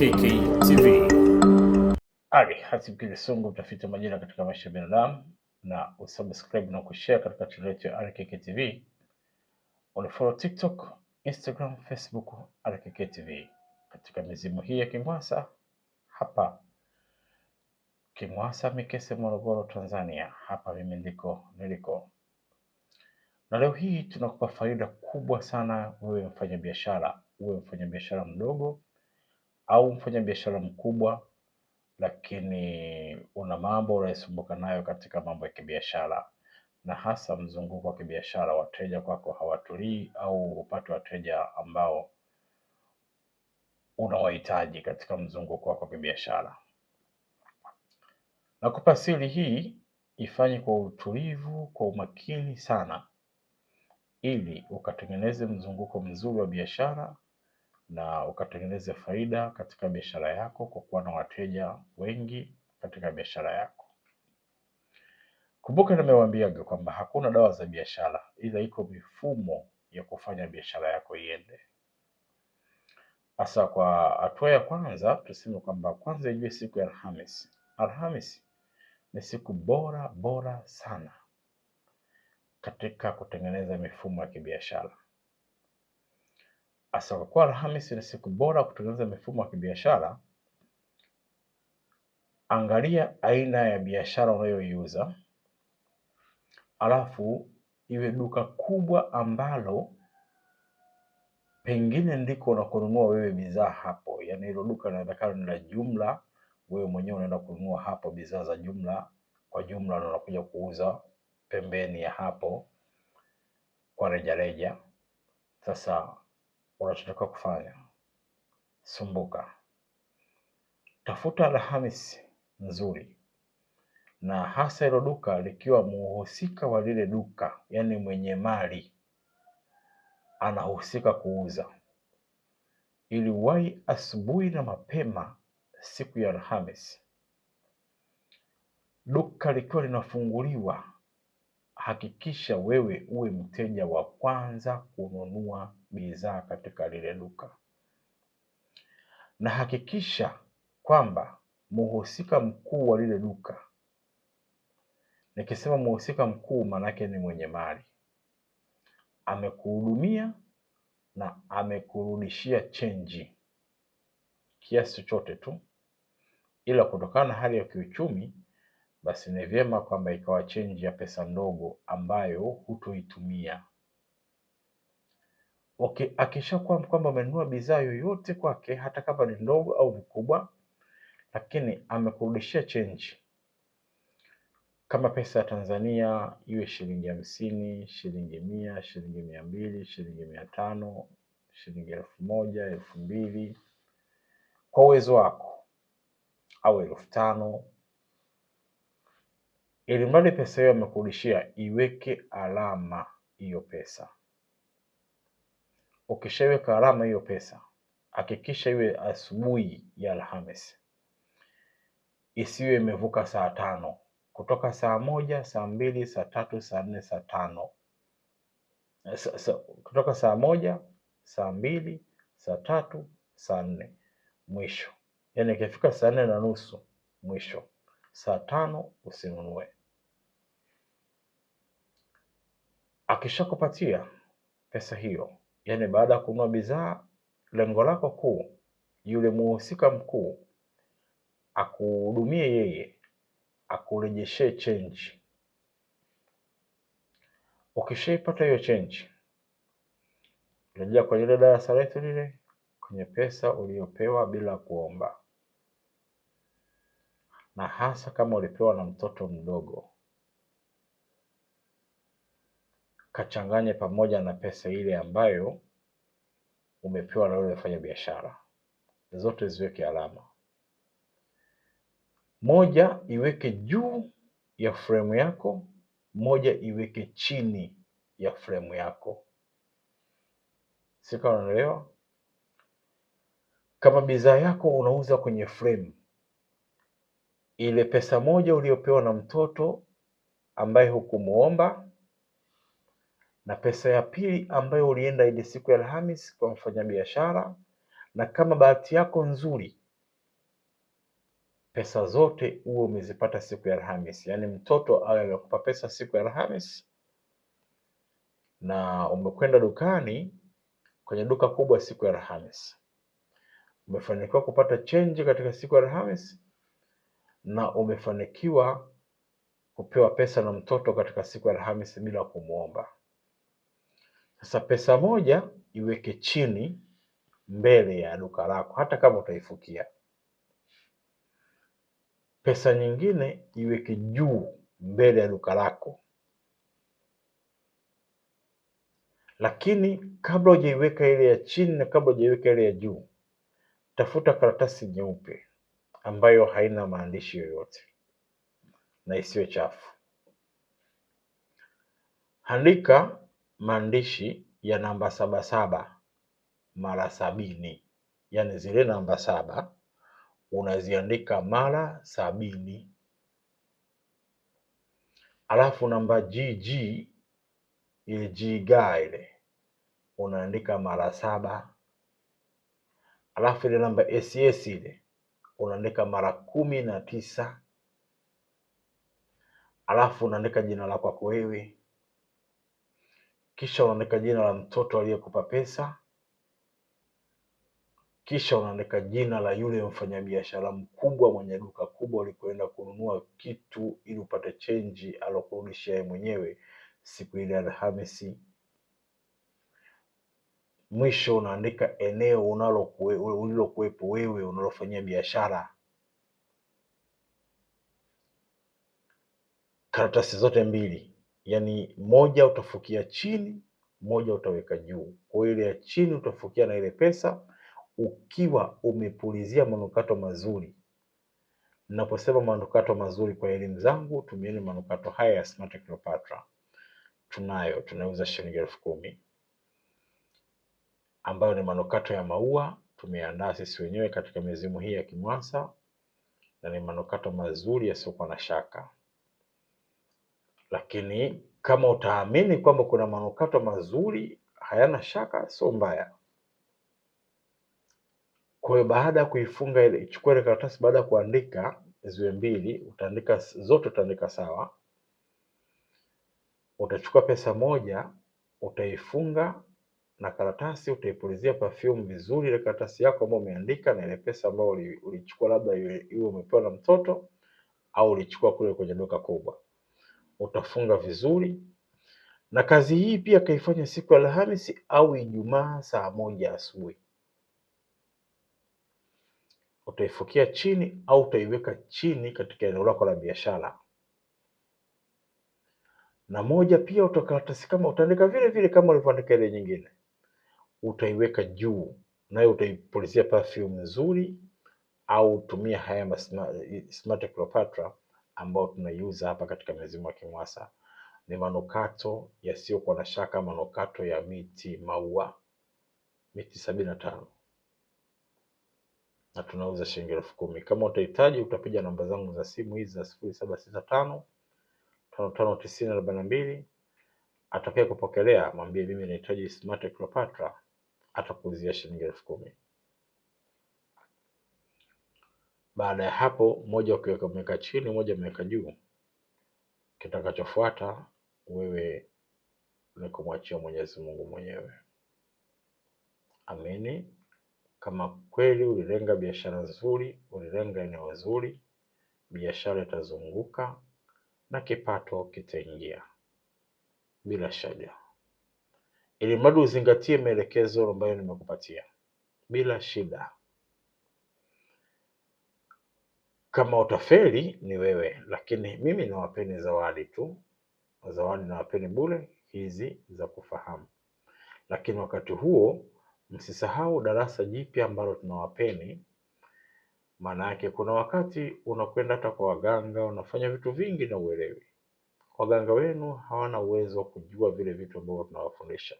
TTTV. Ali Hasib Sungu, mtafiti wa majira katika maisha ya binadamu, na usubscribe na kushare katika channel yetu ya RKKTV. Unafollow TikTok, Instagram, Facebook RKKTV. Katika mizimu hii ya Kimwasa hapa Kimwasa, Mikese, Morogoro, Tanzania, hapa mimi ndiko niliko, na leo hii tunakupa faida kubwa sana wewe mfanyabiashara, uwe mfanyabiashara mdogo au mfanya biashara mkubwa, lakini una mambo unayosumbuka nayo katika mambo ya kibiashara, na hasa mzunguko wa kibiashara, wateja kwako hawatulii au hupate wateja ambao unawahitaji katika mzunguko wako wa kibiashara. Nakupa siri hii, ifanye kwa utulivu, kwa umakini sana, ili ukatengeneze mzunguko mzuri wa biashara na ukatengeneze faida katika biashara yako kwa kuwa na wateja wengi katika biashara yako. Kumbuka nimewaambiaga kwamba hakuna dawa za biashara, ila iko mifumo ya kufanya biashara yako iende. Sasa kwa hatua ya kwanza, tuseme kwamba kwanza ijue siku ya Alhamisi. Alhamisi ni siku bora bora sana katika kutengeneza mifumo ya kibiashara asakakuwa Alhamisi ni siku bora kutengeneza mifumo ya kibiashara, angalia aina ya biashara unayoiuza, alafu iwe duka kubwa ambalo pengine ndiko unakonunua wewe bidhaa hapo, yaani hilo duka linaonekana ni la jumla, wewe mwenyewe unaenda kununua hapo bidhaa za jumla kwa jumla, na unakuja kuuza pembeni ya hapo kwa rejareja. Sasa unachotakiwa kufanya. Sumbuka, tafuta Alhamisi nzuri na hasa hilo duka likiwa muhusika wa lile duka, yaani mwenye mali anahusika kuuza, ili wai asubuhi na mapema siku ya Alhamisi, duka likiwa linafunguliwa. Hakikisha wewe uwe mteja wa kwanza kununua bidhaa katika lile duka, na hakikisha kwamba muhusika mkuu wa lile duka, nikisema muhusika mkuu maanake ni mwenye mali, amekuhudumia na amekurudishia chenji kiasi chochote tu, ila kutokana na hali ya kiuchumi basi ni vyema kwamba ikawa chenji ya pesa ndogo ambayo hutoitumia okay, akishakuwa kwamba amenunua bidhaa yoyote kwake, hata kama ni ndogo au kubwa, lakini amekurudishia chenji kama pesa ya Tanzania iwe shilingi hamsini, shilingi mia, shilingi mia mbili, shilingi mia tano, shilingi elfu moja, elfu mbili kwa uwezo wako, au elfu tano, ili mradi pesa hiyo amekurudishia, iweke alama hiyo pesa. Ukishaweka alama hiyo pesa, hakikisha iwe asubuhi ya alhamis isiwe imevuka saa tano kutoka saa moja, saa mbili, saa tatu, saa nne, saa tano sa, sa, kutoka saa moja, saa mbili, saa tatu, saa nne mwisho. Yani ikifika saa nne na nusu mwisho, saa tano usinunue. Akishakupatia pesa hiyo Yaani baada ya kununua bidhaa, lengo lako kuu yule muhusika mkuu akuhudumie yeye, akurejeshee chenji. Ukishaipata hiyo chenji, rejea kwenye ile darasa letu lile kwenye pesa uliyopewa bila kuomba, na hasa kama ulipewa na mtoto mdogo. kachanganye pamoja na pesa ile ambayo umepewa na yule mfanya biashara, zote ziweke alama moja, iweke juu ya fremu yako, moja iweke chini ya fremu yako. Sika, unaelewa? Kama bidhaa yako unauza kwenye fremu ile, pesa moja uliyopewa na mtoto ambaye hukumuomba na pesa ya pili ambayo ulienda ile siku ya Alhamis kwa mfanyabiashara, na kama bahati yako nzuri pesa zote huo umezipata siku ya Alhamis, yaani mtoto awe amekupa pesa siku ya Alhamis na umekwenda dukani kwenye duka kubwa siku ya Alhamis, umefanikiwa kupata chenji katika siku ya Alhamis na umefanikiwa kupewa pesa na mtoto katika siku ya Alhamis bila kumwomba. Sasa pesa moja iweke chini mbele ya duka lako, hata kama utaifukia. Pesa nyingine iweke juu mbele ya duka lako, lakini kabla hujaiweka ile ya chini na kabla hujaiweka ile ya juu, tafuta karatasi nyeupe ambayo haina maandishi yoyote na isiwe chafu. Andika maandishi ya namba sabasaba mara sabini, yaani zile namba saba unaziandika mara sabini. Alafu namba GG ile jiga ile unaandika mara saba. Alafu ile namba SS ile unaandika mara kumi na tisa. Alafu unaandika jina lako wewe kisha unaandika jina la mtoto aliyekupa pesa, kisha unaandika jina la yule mfanyabiashara mkubwa mwenye duka kubwa ulikoenda kununua kitu ili upate chenji alokurudishia yeye mwenyewe siku ile Alhamisi. Mwisho unaandika eneo ulilokuwepo wewe unalofanyia biashara. Karatasi zote mbili yani moja utafukia chini, moja utaweka juu. Kwa hiyo ile ya chini utafukia na ile pesa ukiwa umepulizia manukato mazuri. Naposema manukato mazuri, kwa elimu zangu, tumieni manukato haya ya Smart Cleopatra. Tunayo, tunauza shilingi elfu kumi ambayo ni manukato ya maua tumeandaa sisi wenyewe katika mizimu hii ya Kimwasa, na ni manukato mazuri yasiyokuwa na shaka lakini kama utaamini kwamba kuna manukato mazuri hayana shaka, sio mbaya. Kwa hiyo baada ya kuifunga ile, chukua ile karatasi, baada ya kuandika ziwe mbili, utaandika zote, utaandika sawa. Utachukua pesa moja, utaifunga na karatasi, utaipulizia perfume vizuri ile karatasi yako ambayo umeandika na ile pesa ambayo ulichukua, labda iwe umepewa na mtoto au ulichukua kule kwenye duka kubwa utafunga vizuri. Na kazi hii pia kaifanya siku ya Alhamisi au Ijumaa saa moja asubuhi. Utaifukia chini au utaiweka chini katika eneo lako la biashara. Na moja pia utakaratasi kama utaandika vile vile kama ulivyoandika ile nyingine, utaiweka juu, nayo utaipulizia perfume nzuri, au tumia haya ma Smart Cleopatra ambayo tunaiuza hapa katika mezimo wa Kimwasa ni manukato yasiyokuwa na shaka, manukato ya miti maua, miti sabini na tano na tunauza shilingi elfu kumi. Kama utahitaji utapiga namba zangu za simu hizi za sifuri saba sita tano tano tano tisini arobaini na mbili. Atakaye kupokelea mwambie mimi nahitaji Smart Cleopatra, atakuuzia shilingi elfu kumi. Baada ya hapo, moja ukiweka umeweka chini, moja umeweka juu, kitakachofuata wewe ni kumwachia Mwenyezi Mungu mwenyewe. Amini kama kweli ulilenga biashara nzuri, ulilenga eneo zuri, biashara itazunguka na kipato kitaingia bila shaka, ili mradi uzingatie maelekezo ambayo nimekupatia bila shida. Kama utafeli ni wewe, lakini mimi nawapeni zawadi tu. Zawadi nawapeni bure hizi za kufahamu, lakini wakati huo msisahau darasa jipya ambalo tunawapeni. Maana yake kuna wakati unakwenda hata kwa waganga, unafanya vitu vingi na uelewi. Waganga wenu hawana uwezo wa kujua vile vitu ambavyo tunawafundisha.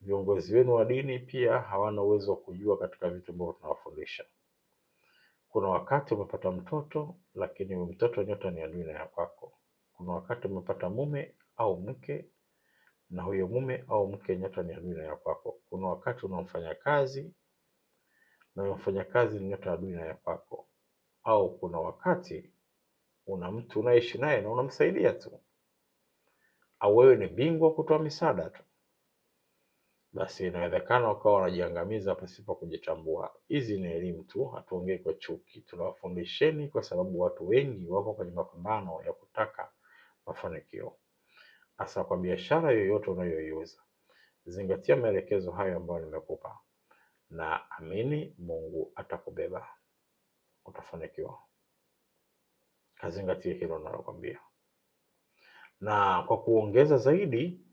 Viongozi wenu wa dini pia hawana uwezo wa kujua katika vitu ambavyo tunawafundisha. Kuna wakati umepata mtoto lakini mtoto nyota ni adui na ya kwako. Kuna wakati umepata mume au mke na huyo mume au mke nyota ni adui na ya kwako. Kuna wakati unamfanya kazi na unamfanya kazi ni nyota adui na ya kwako, au kuna wakati una mtu unaishi naye na unamsaidia tu, au wewe ni bingwa kutoa misaada tu basi inawezekana ukawa unajiangamiza pasipo kujitambua. Hizi ni elimu tu, hatuongei kwa chuki, tunawafundisheni kwa sababu watu wengi wako kwenye mapambano ya kutaka mafanikio, hasa kwa biashara yoyote unayoiuza. Zingatia maelekezo hayo ambayo nimekupa, na amini Mungu atakubeba, utafanikiwa. Kazingatie hilo nalokwambia, na kwa kuongeza zaidi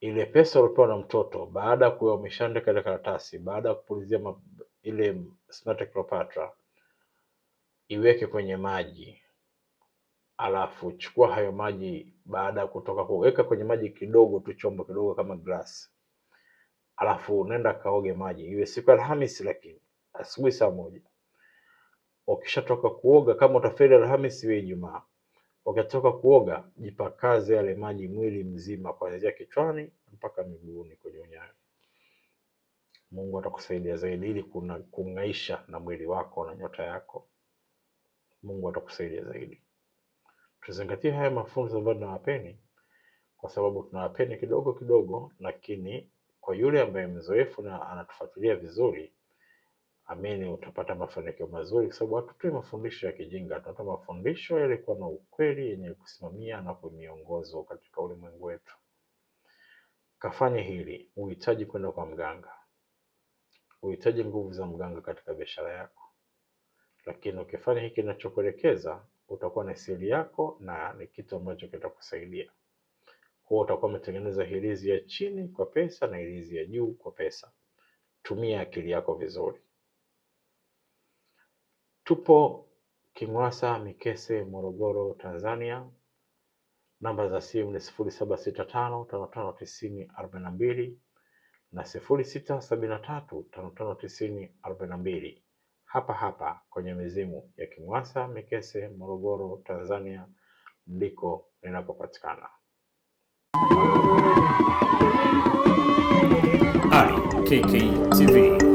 ile pesa uliopewa na mtoto baada ya kuwa umeshaandika ile karatasi, baada ya kupulizia ile Smart Cleopatra, iweke kwenye maji, alafu chukua hayo maji baada ya kutoka kuweka kwenye maji kidogo tu, chombo kidogo kama glasi, alafu unaenda kaoge maji, iwe siku Alhamisi, lakini asubuhi saa moja. Ukishatoka kuoga, kama utafeli Alhamisi, iwe Ijumaa Ukitoka kuoga, jipakaze yale maji mwili mzima, kuanzia kichwani mpaka miguuni kwenye unyayo. Mungu atakusaidia zaidi ili kung'aisha na mwili wako na nyota yako. Mungu atakusaidia zaidi. Tuzingatie haya mafunzo ambayo tunawapeni, kwa sababu tunawapeni kidogo kidogo, lakini kwa yule ambaye mzoefu na anatufuatilia vizuri amini utapata mafanikio mazuri, kwa sababu hatutoi mafundisho ya kijinga, tunatoa mafundisho yalikuwa na ukweli, yenye kusimamia na kumiongozo katika ulimwengu wetu. Kafanye hili, uhitaji kwenda kwa mganga, uhitaji nguvu za mganga katika biashara yako, lakini ukifanya hiki ninachokuelekeza utakuwa na siri yako na ni kitu ambacho kitakusaidia. Huwa utakuwa umetengeneza hirizi ya chini kwa pesa na hirizi ya juu kwa pesa. Tumia akili yako vizuri. Tupo Kimwasa, Mikese, Morogoro, Tanzania. Namba za simu ni sifuri saba sita tano tano tano tisini arobaini na mbili na sifuri sita sabini na tatu tano tano tisini arobaini na mbili hapa hapa kwenye mizimu ya Kimwasa, Mikese, Morogoro, Tanzania ndiko ninapopatikana. IKK TV